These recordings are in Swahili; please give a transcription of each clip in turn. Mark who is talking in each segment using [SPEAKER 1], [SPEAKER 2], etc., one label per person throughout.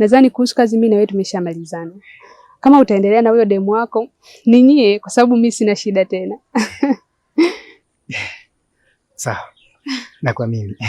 [SPEAKER 1] Nadhani kuhusu kazi mimi na wewe tumeshamalizana. Kama utaendelea na huyo demu wako ni nyie, kwa sababu mimi sina shida tena.
[SPEAKER 2] Sawa, na kwa mimi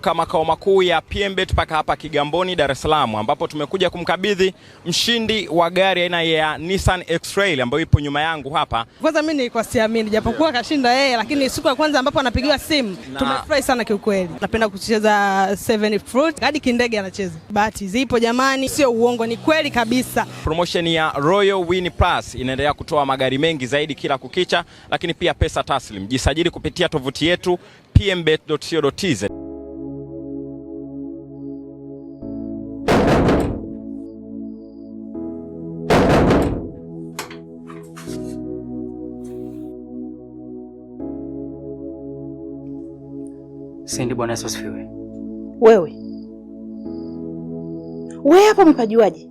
[SPEAKER 3] kutoka makao makuu ya PMBet mpaka hapa Kigamboni, Dar es Salaam, ambapo tumekuja kumkabidhi mshindi wa gari aina ya Nissan X-Trail ambayo ipo nyuma yangu hapa.
[SPEAKER 1] Kwanza mimi nilikuwa siamini, japokuwa yeah, kashinda yeye, lakini siku ya kwanza ambapo anapigiwa simu na... tumefurahi sana kiukweli. Napenda kucheza Seven Fruit hadi kindege anacheza. Bahati zipo jamani, sio uongo, ni kweli kabisa.
[SPEAKER 3] Promotion ya Royal Win Plus inaendelea kutoa magari mengi zaidi kila kukicha, lakini pia pesa taslim. Jisajili kupitia tovuti yetu pmbet.co.tz.
[SPEAKER 2] Sindi, Bwana Yesu asifiwe.
[SPEAKER 4] Wewe wewe hapa umepajuaje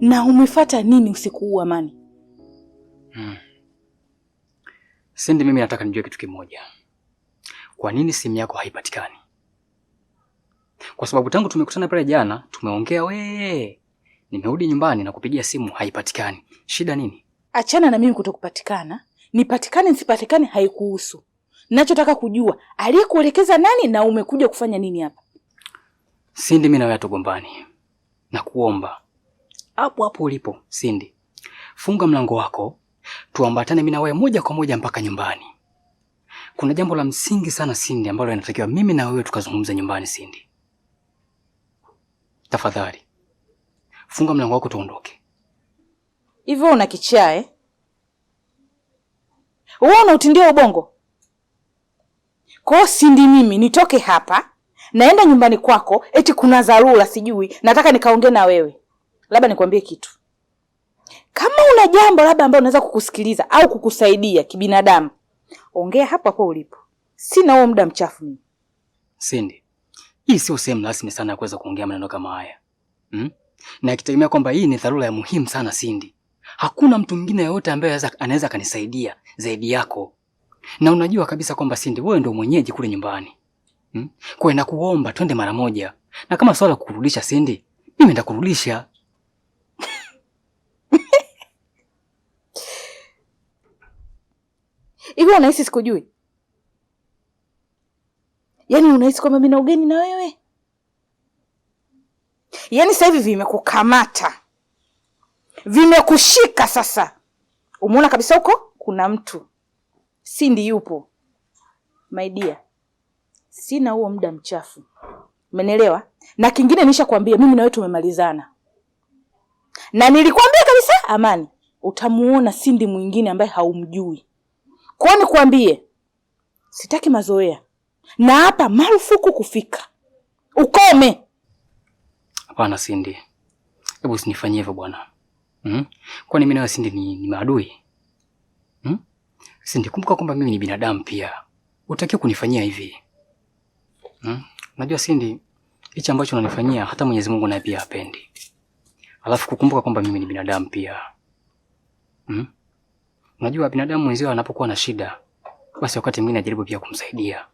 [SPEAKER 4] na umefata nini usiku huu Amani? Hmm.
[SPEAKER 2] Sindi, mimi nataka nijue kitu kimoja. Kwa nini simu yako haipatikani? Kwa sababu tangu tumekutana pale jana tumeongea, wee, nimerudi nyumbani na kupigia simu haipatikani. Shida nini?
[SPEAKER 4] Achana na mimi kutokupatikana, nipatikane nisipatikane haikuhusu. Nachotaka kujua aliyekuelekeza nani na umekuja kufanya nini hapa?
[SPEAKER 2] Sindi, mimi tugombani hatugombani, nakuomba hapo hapo ulipo Sindi, funga mlango wako, tuambatane mimi na wewe moja kwa moja mpaka nyumbani. Kuna jambo la msingi sana Sindi, ambalo inatakiwa mimi na wewe tukazungumza nyumbani. Sindi, tafadhali funga mlango wako, tuondoke.
[SPEAKER 4] Hivyo una kichaa eh? Wewe una utindio ubongo kwa sindi mimi nitoke hapa naenda nyumbani kwako, eti kuna dharura, sijui nataka nikaongee na wewe. Labda nikwambie kitu, kama una jambo labda ambalo unaweza kukusikiliza au kukusaidia kibinadamu, ongea hapo hapo ulipo. Sina huo muda mchafu mimi.
[SPEAKER 2] Sindi, hii sio sehemu rasmi sana ya kuweza kuongea maneno kama haya hmm? na ikitegemea kwamba hii ni dharura ya muhimu sana Sindi, hakuna mtu mwingine yoyote ambaye anaweza akanisaidia zaidi yako na unajua kabisa kwamba Sindi wewe ndio mwenyeji kule nyumbani hmm? Kwa nakuomba twende mara moja, na kama swala kukurudisha Sindi, mimi nitakurudisha.
[SPEAKER 4] Hivi unahisi sikujui? Yaani unahisi kwamba mimi na ugeni na wewe? Yaani sasa hivi vimekukamata, vimekushika sasa, umeona kabisa huko kuna mtu Sindi yupo. My dear, sina huo muda mchafu, umenielewa? Na kingine nishakwambia mimi na wewe tumemalizana, na nilikwambia kabisa Amani, utamuona Sindi mwingine ambaye haumjui. Kwa kuambie? sitaki mazoea na hapa marufuku kufika. Ukome.
[SPEAKER 2] Hapana Sindi, hebu usinifanyie hivyo bwana. Mm? Kwani mimi na Sindi ni, ni maadui? Mm? Sindikumbuka kwamba mimi ni binadamu pia. Utakiwa kunifanyia hivi. Hmm? Najua Sindi, hicho ambacho unanifanyia hata Mwenyezi Mungu naye pia hapendi. Alafu kukumbuka kwamba mimi ni binadamu pia. Hmm? Unajua binadamu mwenzio anapokuwa na shida, basi wakati mwingine ajaribu pia kumsaidia.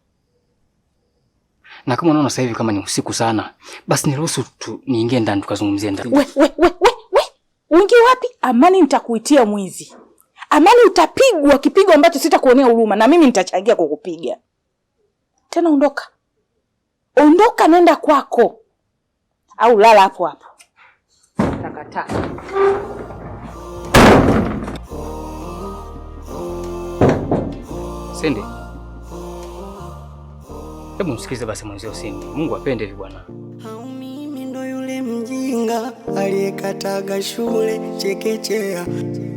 [SPEAKER 2] Na kama unaona sasa hivi kama ni usiku sana, basi niruhusu tu niingie ndani tukazungumzie ndani.
[SPEAKER 4] We, we, we, we, we. Uingie wapi? Amani nitakuitia mwizi. Amani, utapigwa kipigo ambacho sitakuonea huruma, na mimi nitachangia kukupiga tena. Ondoka, ondoka, nenda kwako, au lala hapo hapo takataka.
[SPEAKER 2] Sindi, hebu msikize basi mwenzio Sindi. Mungu apende hivi bwana
[SPEAKER 5] mjinga aliyekataga shule chekechea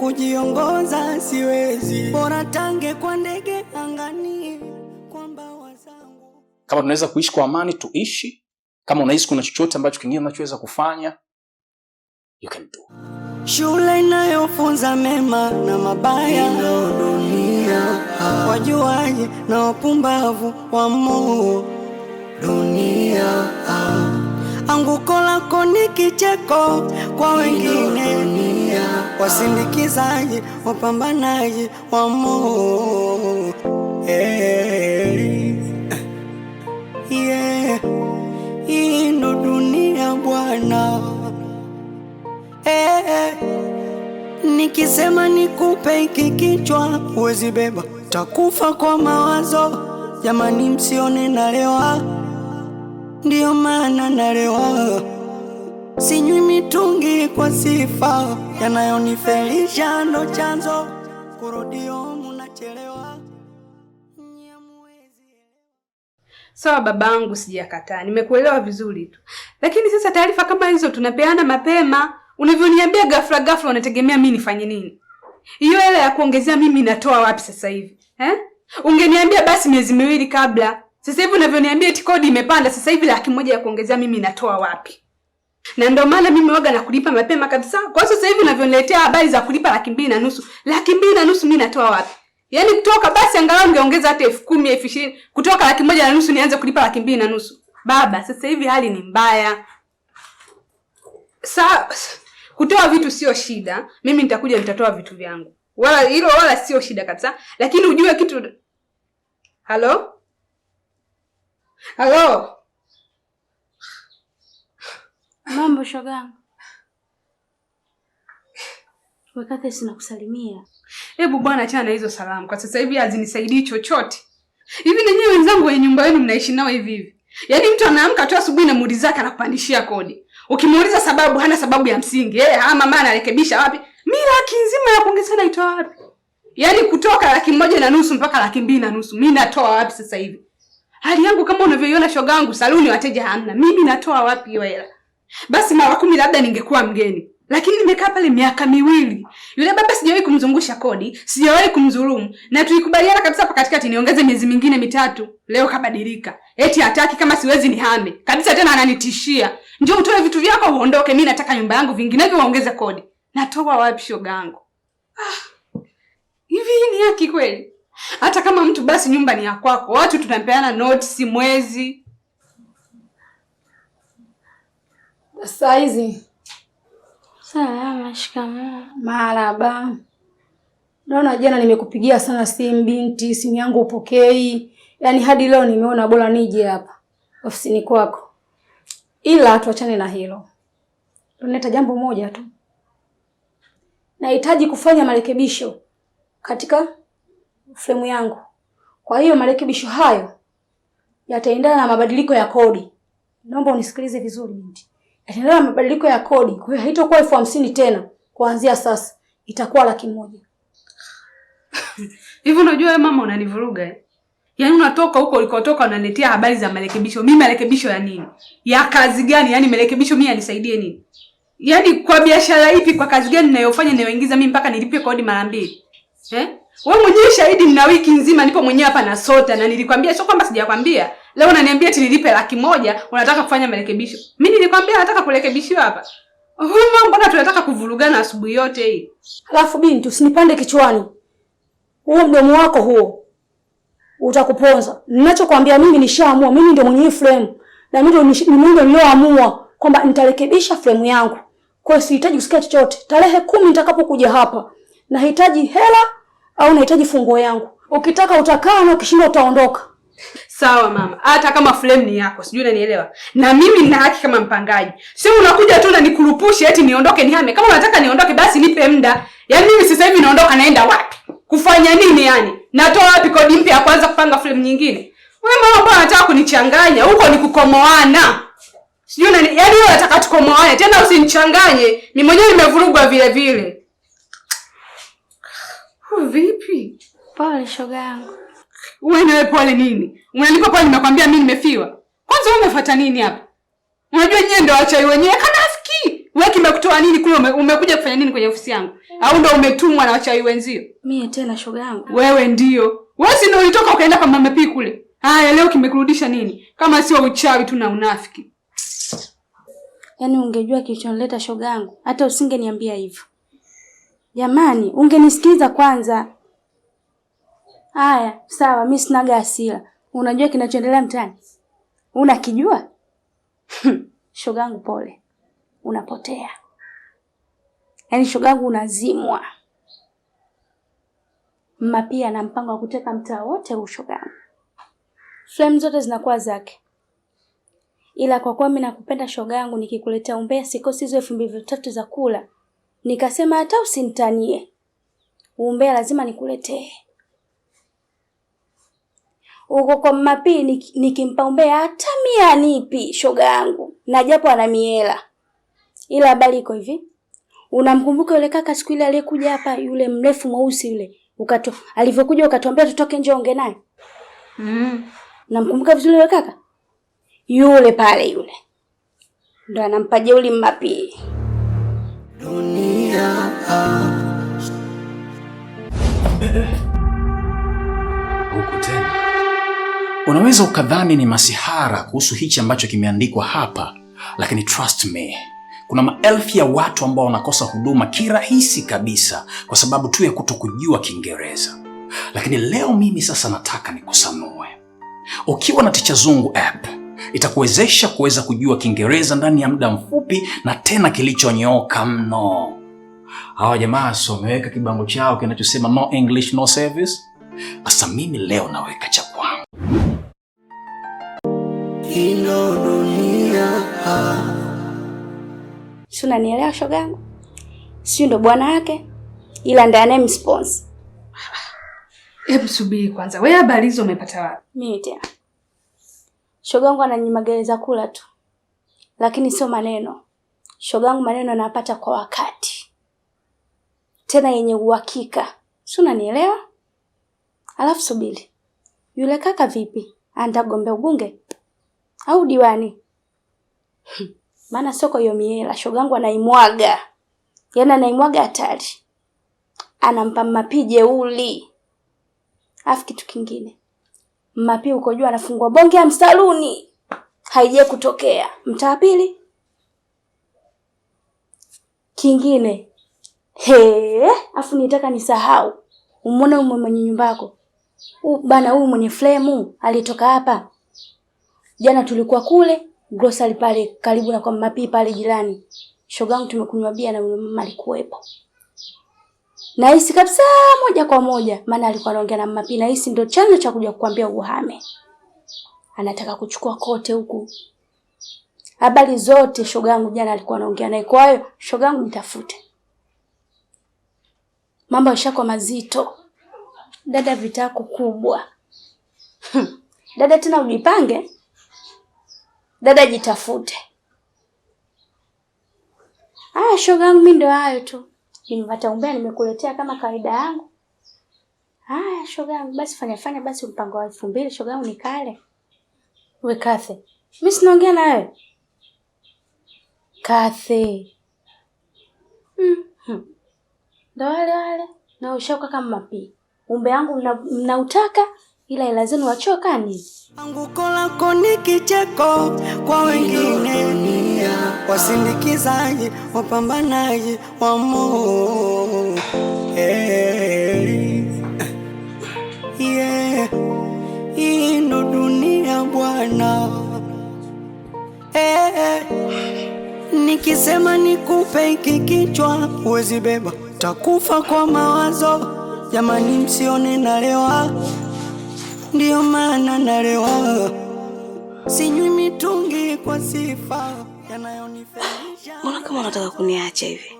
[SPEAKER 5] kujiongoza siwezi, bora tange kwa ndege angani, kwa mbawa zangu.
[SPEAKER 2] Kama tunaweza kuishi kwa amani tuishi. Kama unahisi kuna chochote ambacho kingine unachoweza kufanya you can do.
[SPEAKER 5] Shule inayofunza mema na mabaya, dunia. Wajuaji na wapumbavu wamo dunia. Anguko lako ni kicheko kwa wengine wasindikizaji, wapambanaji wa Mungu eh, yeah. Hii ndo dunia bwana hey. Eh, nikisema nikupe iki kichwa uwezi beba, takufa kwa mawazo. Jamani, msione nalewa, ndiyo maana nalewa Sinywi mitungi kwa sifa, yanayonifelisha ndo chanzo, kurudio munachelewa.
[SPEAKER 1] Sawa babangu, sijakataa, nimekuelewa vizuri tu, lakini sasa taarifa kama hizo tunapeana mapema. Unavyoniambia ghafla ghafla, unategemea mi nifanye nini? Hiyo hela ya kuongezea mimi natoa wapi sasa hivi eh? Ungeniambia basi miezi miwili kabla. Sasa hivi unavyoniambia eti kodi imepanda, sasa hivi laki moja ya kuongezea mimi natoa wapi? na ndio maana mimi waga na kulipa mapema kabisa. Kwa hiyo sasa hivi unavyoniletea habari za kulipa laki mbili na nusu, laki mbili na nusu mimi natoa wapi? Yaani kutoka basi angalau ningeongeza hata elfu kumi elfu ishirini kutoka laki moja na nusu nianze kulipa laki mbili na nusu. Baba, sasa hivi hali ni mbaya. Sa kutoa vitu sio shida, mimi nitakuja nitatoa vitu vyangu, wala hilo wala sio shida kabisa, lakini ujue kitu. Halo, halo
[SPEAKER 4] Mambo shogangu, wekate sinakusalimia.
[SPEAKER 1] Hebu bwana, achana na hizo salamu kwa sasa hivi, hazinisaidii chochote. Hivi nenyewe wenzangu wenye nyumba yenu mnaishi nao hivi hivi, yaani mtu anaamka tu asubuhi na mudi zake anakupandishia kodi, ukimuuliza sababu hana sababu ya msingi. Eh, ama mama anarekebisha wapi? Mimi laki nzima ya kuongezana itoa wapi? Yaani kutoka laki moja na nusu mpaka laki mbili na nusu mimi natoa wapi sasa hivi? Hali yangu kama unavyoiona shogangu, saluni wateja hamna, mimi natoa wapi hiyo hela? basi mara kumi labda ningekuwa mgeni, lakini nimekaa pale miaka miwili. Yule baba sijawahi kumzungusha kodi, sijawahi kumdhulumu, na tulikubaliana kabisa hapa katikati niongeze miezi mingine mitatu. Leo kabadilika, eti hataki, kama siwezi nihame kabisa. Tena ananitishia njoo utoe vitu vyako uondoke, mi nataka nyumba yangu, vinginevyo waongeze kodi. Natoa wapi shogangu? Ah, hivi ni haki kweli? Hata kama mtu basi, nyumba ni ya kwako, watu tunapeana notisi mwezi saa hizi?
[SPEAKER 4] Salama. Shikamoo.
[SPEAKER 1] Maraba. Naona jana nimekupigia sana simu binti, simu yangu upokei. Yaani hadi leo nimeona bora nije hapa ofisini kwako, ila tuachane na hilo. Tunaleta jambo moja tu, nahitaji kufanya marekebisho katika fremu yangu. Kwa hiyo marekebisho hayo yataendana na mabadiliko ya kodi. Naomba unisikilize vizuri binti. Itaendelea mabadiliko ya kodi, kwa hiyo haitakuwa elfu hamsini tena, kuanzia sasa itakuwa laki moja. Hivyo unajua wewe mama unanivuruga eh? Yaani unatoka huko ulikotoka unaniletea habari za marekebisho. Mimi marekebisho ya nini? Ya kazi gani? Yaani marekebisho mimi yanisaidie nini? Yaani kwa biashara ipi, kwa kazi gani ninayofanya ninayoingiza mimi mpaka nilipe kodi mara mbili? Eh? Wewe mwenyewe shahidi, nina wiki nzima nipo mwenyewe hapa na sota na nilikwambia, sio kwamba sijakwambia. Leo unaniambia ati nilipe laki moja, unataka kufanya marekebisho. Mimi nilikwambia nataka kurekebishiwa hapa. Huma, mbona tunataka kuvurugana asubuhi yote hii?
[SPEAKER 4] Alafu binti, usinipande kichwani. Huo mdomo wako huo utakuponza. Ninachokwambia mimi nishaamua, mimi ndio mwenye frame na mimi ndio nilioamua kwamba nitarekebisha frame yangu. Kwa hiyo sihitaji kusikia chochote. Tarehe kumi nitakapokuja hapa, nahitaji hela au nahitaji funguo yangu. Ukitaka utakaa na ukishinda utaondoka.
[SPEAKER 1] Sawa mama, hata kama flame ni yako, sijui unanielewa, na mimi nina haki kama mpangaji. Sio unakuja tu na nikurupushe eti niondoke nihame. Kama unataka niondoke, basi nipe muda. Yaani mimi sasa hivi naondoka, naenda wapi? Kufanya nini? Yani natoa wapi kodi mpya ya kuanza kupanga flame nyingine? Wewe mama, mbona unataka kunichanganya? Huko ni kukomoana, sijui unani, yaani wewe unataka tukomoane tena, usinichanganye. Mimi mwenyewe nimevurugwa vile vile. Vipi
[SPEAKER 4] pole, shoga yangu?
[SPEAKER 1] Wewe wepo wale nini? Unanipa pole nimekwambia mimi nimefiwa. Kwanza wewe umefuata nini hapa? Unajua nyie ndio wachai wenyewe kanafiki. Wewe kimekutoa nini kule ume, umekuja kufanya nini kwenye ofisi yangu? Au ndio umetumwa na wachai wenzio?
[SPEAKER 4] Mimi tena shoga yangu.
[SPEAKER 1] Wewe ndio. Wewe si ndio ulitoka ukaenda kwa mama pii kule? Haya leo kimekurudisha nini? Kama sio uchawi tu na unafiki.
[SPEAKER 4] Yaani ungejua kilichonileta shoga yangu, hata usingeniambia hivyo. Jamani, ungenisikiza kwanza. Haya, sawa, mi sinaga asila Unajua kinachoendelea mtaani unakijua? Hmm, shogangu pole, unapotea. Yaani shogangu unazimwa. Mma pia ana mpango wa kuteka mtaa wote huu shogangu, sehemu zote zinakuwa zake, ila kwa kuwa mi nakupenda shogangu, nikikuletea umbea sikosi hizo elfu mbili tatu za kula. Nikasema hata usinitanie umbea, lazima nikuletee uko kwa mmapii nikimpa umbea hata mia nipi, shoga yangu, na japo ana miela. Ila habari iko hivi, unamkumbuka yule kaka siku ile aliyekuja hapa, yule mrefu mweusi yule, ukato alivyokuja ukatuambia tutoke nje onge naye mm. Namkumbuka vizuri yule kaka yule, pale yule ndo anampa jeuli mmapii dunia ah.
[SPEAKER 2] Unaweza ukadhani ni masihara kuhusu hichi ambacho kimeandikwa hapa, lakini trust me, kuna maelfu ya watu ambao wanakosa huduma kirahisi kabisa kwa sababu tu ya kutokujua Kiingereza. Lakini leo mimi sasa nataka nikusanue. Ukiwa na Ticha Zungu app itakuwezesha kuweza kujua Kiingereza ndani ya muda mfupi na tena kilichonyooka mno. Hawa jamaa so wameweka kibango chao kinachosema no English no service. Sasa mimi leo naweka cha ino
[SPEAKER 4] dunia. Si unanielewa shogangu? Si ndo bwana yake, ila ndiye anayemsponsa.
[SPEAKER 1] Hebu subiri kwanza, wewe habari hizo umepata wapi?
[SPEAKER 4] Mimi tena shogangu ananyimageleza kula tu, lakini sio maneno. Shogangu maneno anapata kwa wakati, tena yenye uhakika. Si unanielewa? Alafu subiri, yule kaka vipi, anatagombea ubunge? au diwani? Maana soko hiyo miela, shogangu anaimwaga, yaani anaimwaga hatari, anampa Mmapi jeuli. Alafu kitu kingine, Mmapi uko jua anafungua bonge ya msaluni, haijai kutokea mtaa pili. Kingine he, afu nitaka nisahau, umwone ume mwenye yako bana, huyu mwenye flemu alitoka hapa Jana tulikuwa kule grocery pale karibu na kwa mapi pale jirani. Shogangu tumekunywa bia na yule mama alikuwepo. Nahisi kabisa moja kwa moja maana alikuwa anaongea na mama Pi, nahisi ndio chanzo cha kuja kukwambia uhame. Anataka kuchukua kote huku. Habari zote shogangu jana alikuwa anaongea naye. Kwa hiyo shogangu nitafute. Mambo yashakuwa mazito. Dada vitako kubwa. Dada tena ujipange. Dada jitafute. Aya, shoga yangu, mimi ndio hayo tu nimepata umbea, nimekuletea kama kawaida yangu. Aya, shoga yangu, basi fanya fanya basi mpango wa elfu mbili shoga yangu, nikale we Kathe, mimi sinaongea na wewe Kathe. mm -hmm. Ndo wale wale na ushoka kama mapii, umbe yangu mnautaka mna ila hela zenu wachokani. Anguko lako ni kicheko kwa wengine, wasindikizaji, wapambanaji wa mo Hey. Yeah. Hii ndo dunia bwana. Hey. Eh. Nikisema nikupe hiki kichwa uwezi beba, takufa kwa mawazo. Jamani, msione nalewa ndio maana nalewa, sinywi mitungi kwa sifa yanayonifedha. Mbona kama unataka kuniacha hivi?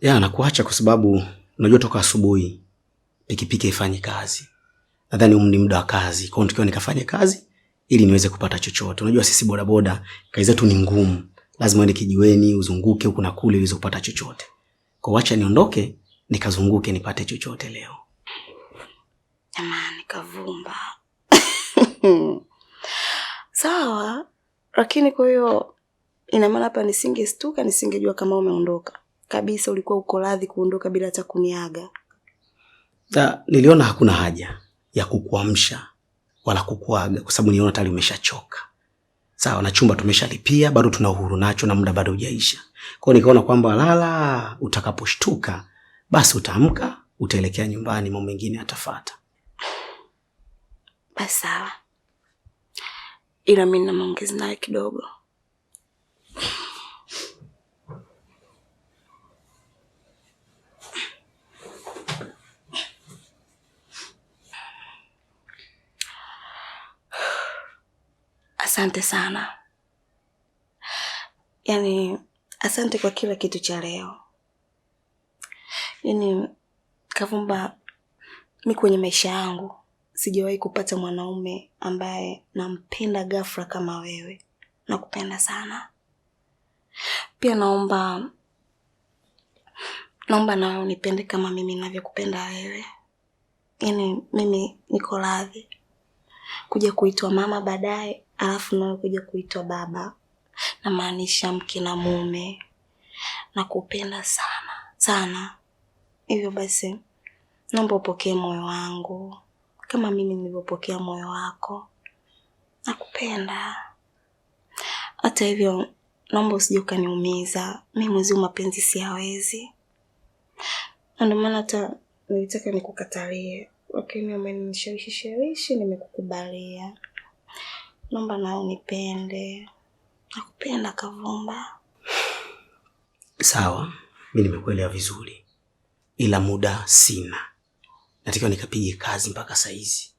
[SPEAKER 2] Ya, nakuacha kwa sababu unajua toka asubuhi pikipiki ifanye kazi. Nadhani huu ni muda wa kazi, kwa hiyo nikiwa nikafanye kazi ili niweze kupata chochote. Unajua sisi bodaboda kazi zetu ni ngumu, lazima uende kijiweni uzunguke huku na kule uweze kupata chochote. Kwa acha niondoke nikazunguke nipate chochote leo.
[SPEAKER 4] Jamani, kavumba sawa. Lakini kwa hiyo ina maana hapa nisingestuka, nisingejua kama umeondoka kabisa. Ulikuwa uko radhi kuondoka bila hata kuniaga?
[SPEAKER 2] Da, niliona hakuna haja ya kukuamsha wala kukuaga kwa sababu niliona tayari umeshachoka. Sawa, na chumba tumeshalipia, bado tuna uhuru nacho na muda bado hujaisha. Kwa hiyo nikaona kwamba lala, utakaposhtuka basi utaamka, utaelekea nyumbani, mambo mengine atafata
[SPEAKER 4] sawa, ila mi na maongezi naye kidogo. Asante sana, yaani asante kwa kila kitu cha leo. Yaani Kavumba, mi kwenye maisha yangu sijawahi kupata mwanaume ambaye nampenda ghafla kama wewe. Nakupenda sana. Pia naomba naomba na wewe unipende kama mimi ninavyokupenda wewe. Yaani mimi niko radhi kuja kuitwa mama baadaye, alafu nawe kuja kuitwa baba. Namaanisha mke na mume. Nakupenda sana sana. Hivyo basi, naomba upokee moyo wangu kama mimi nilivyopokea moyo wako. Nakupenda. Hata hivyo, naomba usije ukaniumiza. Mimi mwezi mapenzi siyawezi, ndio maana hata nilitaka nikukatalie, lakini umenishawishi shawishi, nimekukubalia. Naomba na unipende. Nakupenda Kavumba.
[SPEAKER 2] Sawa, mimi nimekuelewa vizuri, ila muda sina natakiwa nikapige kazi mpaka saizi.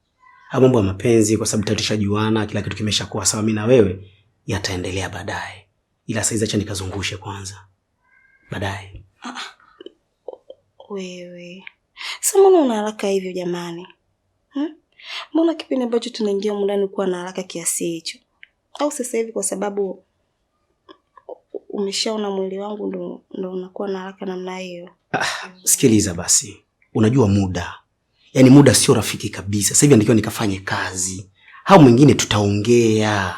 [SPEAKER 2] Haya mambo ya mapenzi, kwa sababu tulishajuana, kila kitu kimeshakuwa sawa, mimi na wewe, yataendelea baadaye, ila saizi acha nikazungushe kwanza, baadaye.
[SPEAKER 4] Wewe sasa, mbona una haraka hivyo jamani? Hmm? Mbona kipindi ambacho tunaingia mundani kuwa na haraka kiasi hicho? Au sasa hivi kwa sababu umeshaona mwili wangu ndo unakuwa na haraka namna hiyo?
[SPEAKER 2] Ah, sikiliza basi, unajua muda yani muda sio rafiki kabisa. Sasa hivi ndio nikafanye kazi. Hao mwingine tutaongea.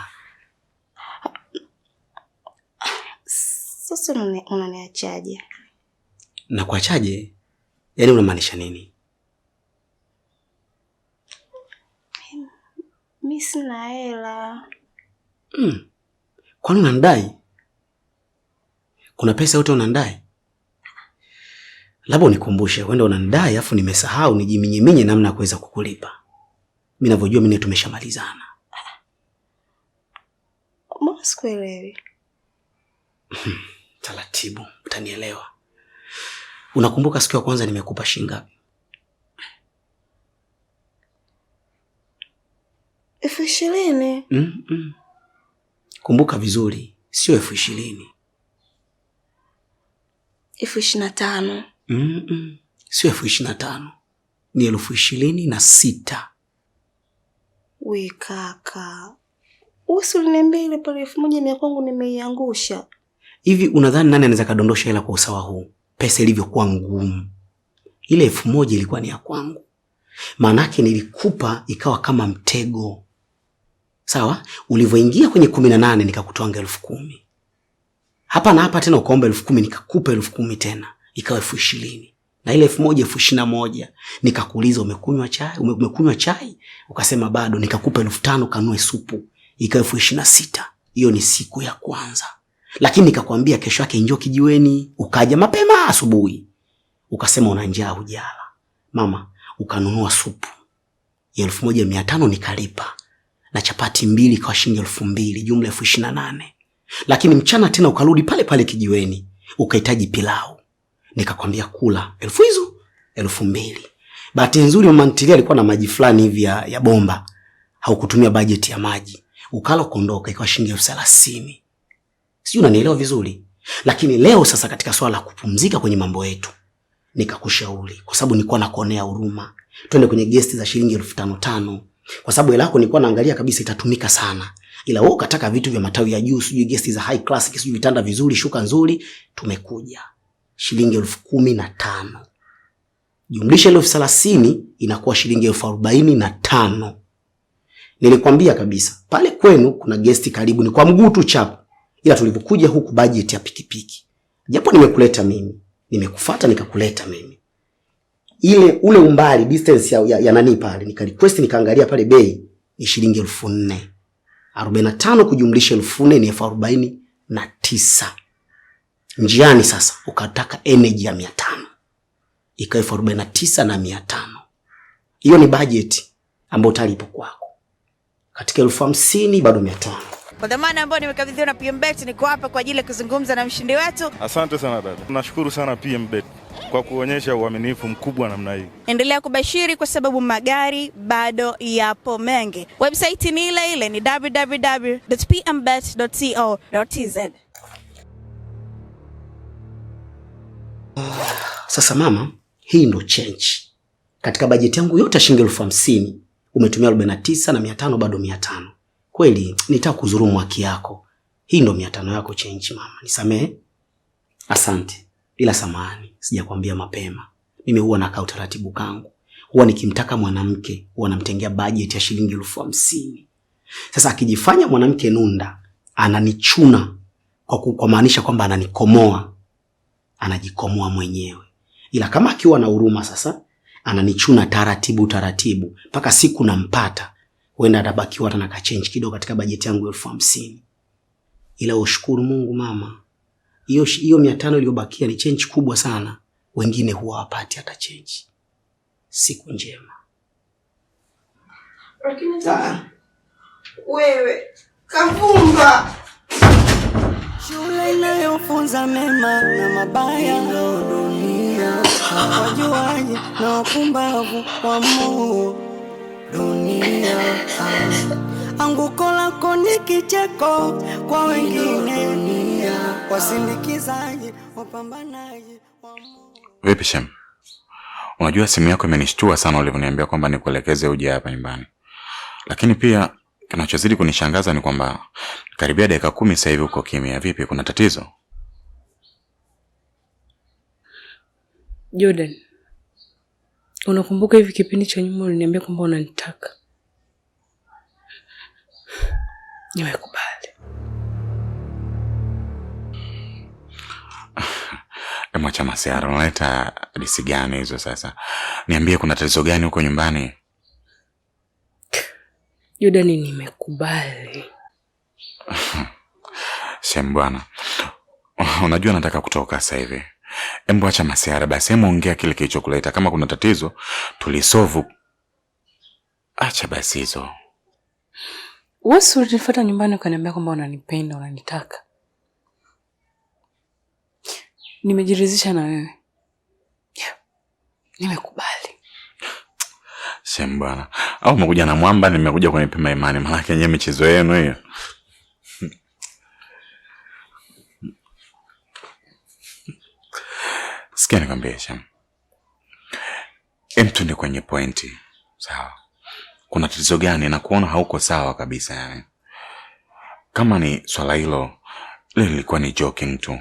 [SPEAKER 4] Sasa unaniachaje?
[SPEAKER 2] Na kuachaje? Yaani unamaanisha nini?
[SPEAKER 4] Mimi sina hela.
[SPEAKER 2] Mm. Kwani unanidai? Kuna pesa yote unanidai? Labda unikumbushe, huenda unanidai afu nimesahau nijiminyiminye namna ya kuweza kukulipa. Mimi navyojua mimi tumeshamalizana.
[SPEAKER 4] Mbona sikuelewi?
[SPEAKER 2] Hmm, taratibu utanielewa. Unakumbuka siku ya kwanza nimekupa shilingi ngapi?
[SPEAKER 4] elfu ishirini.
[SPEAKER 2] Mm -mm. Kumbuka vizuri, sio elfu ishirini,
[SPEAKER 4] elfu ishirini na tano
[SPEAKER 2] mm -mm. Sio elfu ishirini na tano ni elfu ishirini na sita.
[SPEAKER 4] We kaka, usi uliniambia ile pale elfu moja mia kwangu nimeiangusha.
[SPEAKER 2] Hivi unadhani nani anaweza kadondosha hela kwa usawa huu? Pesa ilivyokuwa ngumu, ile elfu moja ilikuwa ni ya kwangu, maanake nilikupa ikawa kama mtego. Sawa, ulivyoingia kwenye kumi na nane nikakutwanga elfu kumi hapa na hapa tena, ukaomba elfu kumi nikakupa elfu kumi tena ikawa elfu ishirini na ile elfu moja elfu ishirini na moja nikakuuliza umekunywa chai, umekunywa chai ukasema bado, nikakupa elfu tano kanue supu ikawa elfu ishirini na sita Hiyo ni siku ya kwanza, lakini nikakwambia kesho yake njoo kijiweni. Ukaja mapema asubuhi ukasema una njaa, ujala mama, ukanunua supu ya elfu moja mia tano nikalipa na chapati mbili kawa shilingi elfu mbili jumla elfu ishirini na nane Lakini mchana tena ukarudi pale pale kijiweni ukahitaji pilau nikakwambia kula elfu hizo elfu mbili. Bahati nzuri mama ntilia alikuwa na maji fulani hivi ya, bomba, haukutumia bajeti ya maji, ukala kuondoka, ikawa shilingi elfu thelathini. Sijui unanielewa vizuri, lakini leo sasa, katika swala la kupumzika kwenye mambo yetu, nikakushauri kwa sababu nilikuwa nakuonea huruma, twende kwenye gesti za shilingi elfu tano tano kwa sababu hela yako nilikuwa naangalia kabisa itatumika sana, ila wewe ukataka vitu vya matawi ya juu, sijui gesti za high class, sijui vitanda vizuri, shuka nzuri. Tumekuja shilingi elfu kumi na tano jumlisha elfu thelathini inakuwa shilingi elfu arobaini na tano. Nilikwambia kabisa pale kwenu kuna gesti karibu, ni kwa mguu tu chapa, ila tulipokuja huku bajeti ya pikipiki, japo nimekuleta mimi, nimekufata nikakuleta mimi, ile ule umbali distance ya, ya, ya nani pale, nika request nikaangalia pale bei ni shilingi elfu nne arobaini na tano kujumlisha elfu nne ni elfu arobaini na tisa njiani sasa ukataka energy ya mia tano ikawa elfu arobaini na tisa na mia tano hiyo ni bajeti ambayo utalipo kwako katika elfu hamsini bado mia tano
[SPEAKER 6] kwa dhamana ambayo nimekabidhiwa na PMBet. Niko hapa kwa ajili ya kuzungumza na mshindi wetu.
[SPEAKER 7] Asante sana dada, nashukuru sana PMBet kwa kuonyesha uaminifu mkubwa namna hii.
[SPEAKER 6] Endelea kubashiri kwa sababu magari bado yapo mengi. Website ni ile ile, ni www.pmbet.co.tz.
[SPEAKER 2] Sasa mama, hii ndo change katika bajeti yangu yote ya shilingi elfu hamsini umetumia arobaini na tisa na mia tano bado mia tano Kweli nitaka kuzurumu haki yako. Hii ndo mia tano yako change mama, nisamehe. Asante, ila samahani, sijakwambia mapema. Mimi huwa nakaa utaratibu kangu, huwa nikimtaka mwanamke huwa namtengea bajeti ya shilingi elfu hamsini. Sasa akijifanya mwanamke nunda, ananichuna kwa kumaanisha kwamba ananikomoa anajikomoa mwenyewe, ila kama akiwa na huruma sasa ananichuna taratibu taratibu mpaka siku nampata, huenda atabakiwa hata na kachenji kidogo katika bajeti yangu elfu hamsini. Ila ushukuru Mungu mama, hiyo hiyo mia tano iliyobakia ni chenji kubwa sana, wengine huwa wapati hata chenji. Siku njema ah.
[SPEAKER 4] wewe Kavumba. Shule inayofunza mema na mabaya, dunia. Wajuaji na wapumbavu wamo
[SPEAKER 7] dunia. Anguko lako ni kicheko kwa wengine, wasindikizaji, wapambanaji wamo. Vipi Shem, unajua simu yako imenishtua sana ulivyoniambia kwamba nikuelekeze uje hapa nyumbani, lakini pia Kinachozidi kunishangaza ni kwamba karibia dakika kumi sasa hivi uko kimya. Vipi, kuna tatizo?
[SPEAKER 4] Jordan, unakumbuka hivi kipindi cha nyuma uliniambia kwamba unanitaka? Nimekubali.
[SPEAKER 7] Mwacha masiara, unaleta disi gani hizo sasa? Niambie, kuna tatizo gani huko nyumbani?
[SPEAKER 4] Yudani, nimekubali.
[SPEAKER 7] Shem bwana, unajua nataka kutoka sasa hivi. Embo acha masiara basi, hebu ongea kile kilichokuleta. Kama kuna tatizo tulisovu, acha basi hizo.
[SPEAKER 4] Wewe ulinifuata nyumbani ukaniambia kwamba unanipenda, unanitaka. Nimejiridhisha na wewe, nimekubali.
[SPEAKER 7] Shem bwana. Au umekuja na mwamba, nimekuja kwenye pima imani, maanake nyewe michezo yenu hiyo. Sikia nikwambie Shem. emtu ni kwenye pointi. Sawa. Kuna tatizo gani? Na kuona hauko sawa kabisa yani. Kama ni swala hilo, lile lilikuwa ni joking tu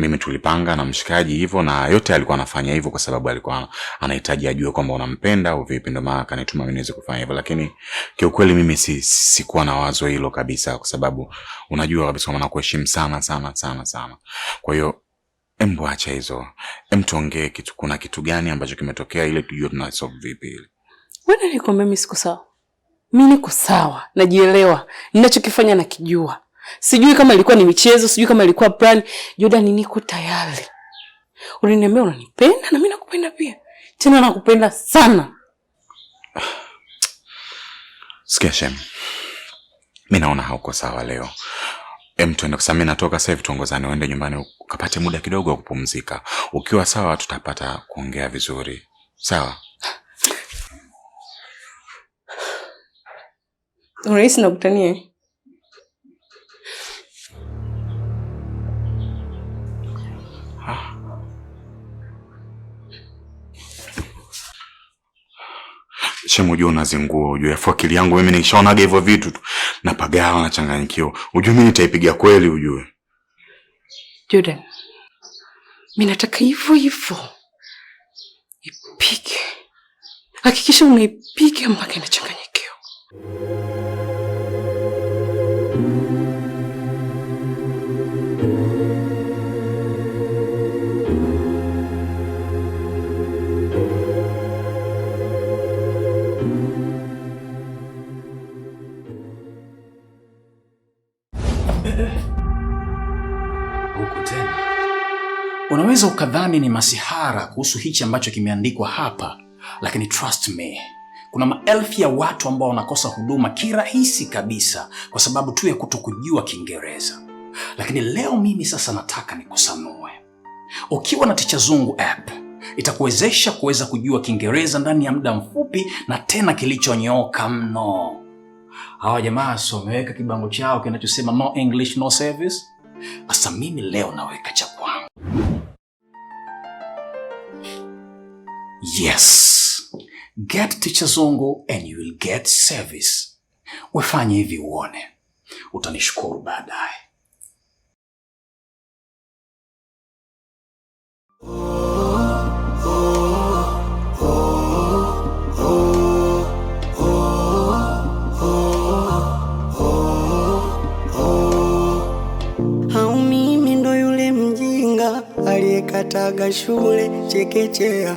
[SPEAKER 7] mimi tulipanga na mshikaji hivyo, na yote alikuwa anafanya hivyo kwa sababu alikuwa anahitaji ajue kwamba unampenda au vipi, ndio maana akanituma mimi niweze kufanya hivyo. Lakini kiukweli mimi si sikuwa na wazo hilo kabisa, kwa sababu unajua kabisa kwamba nakuheshimu sana sana sana sana. Kwa hiyo embo, acha hizo, em, tuongee kitu, kuna kitu gani ambacho kimetokea ile tujue tuna solve vipi ile.
[SPEAKER 4] Wewe nikwambia mimi siko sawa, mimi niko sawa, najielewa, ninachokifanya nakijua Sijui kama ilikuwa ni michezo, sijui kama ilikuwa plan. Jordan, niko tayari. Uliniambia unanipenda na mimi nakupenda pia. Tena nakupenda sana.
[SPEAKER 7] Sikia Shem. Mimi naona hauko sawa leo. Em, tuende kwa sababu natoka sasa hivi, tuongozane uende nyumbani ukapate muda kidogo wa kupumzika. Ukiwa sawa tutapata kuongea vizuri. Sawa?
[SPEAKER 4] Urahisi nakutania.
[SPEAKER 7] Shemu, ujua unazingua, ujue afu akili yangu mimi nishaonaga hivyo vitu tu na nachanganyikiwa, ujue mimi nitaipiga kweli, ujue
[SPEAKER 4] jude mimi nataka hivyo hivyo ipige, hakikisha unaipiga mpaka inachanganyikiwa.
[SPEAKER 2] Unaweza ukadhani ni masihara kuhusu hichi ambacho kimeandikwa hapa, lakini trust me, kuna maelfu ya watu ambao wanakosa huduma kirahisi kabisa kwa sababu tu ya kutokujua Kiingereza. Lakini leo mimi sasa nataka nikusanue. Ukiwa na Ticha Zungu app itakuwezesha kuweza kujua Kiingereza ndani ya muda mfupi na tena kilichonyooka mno. Hawa jamaa so wameweka kibango chao kinachosema no English no service. Sasa mimi leo naweka cha kwangu. Yes. Get Ticha Zongo and you will get service. Wefanye hivi uone, utanishukuru baadaye. Hau, aliyekataga shule chekechea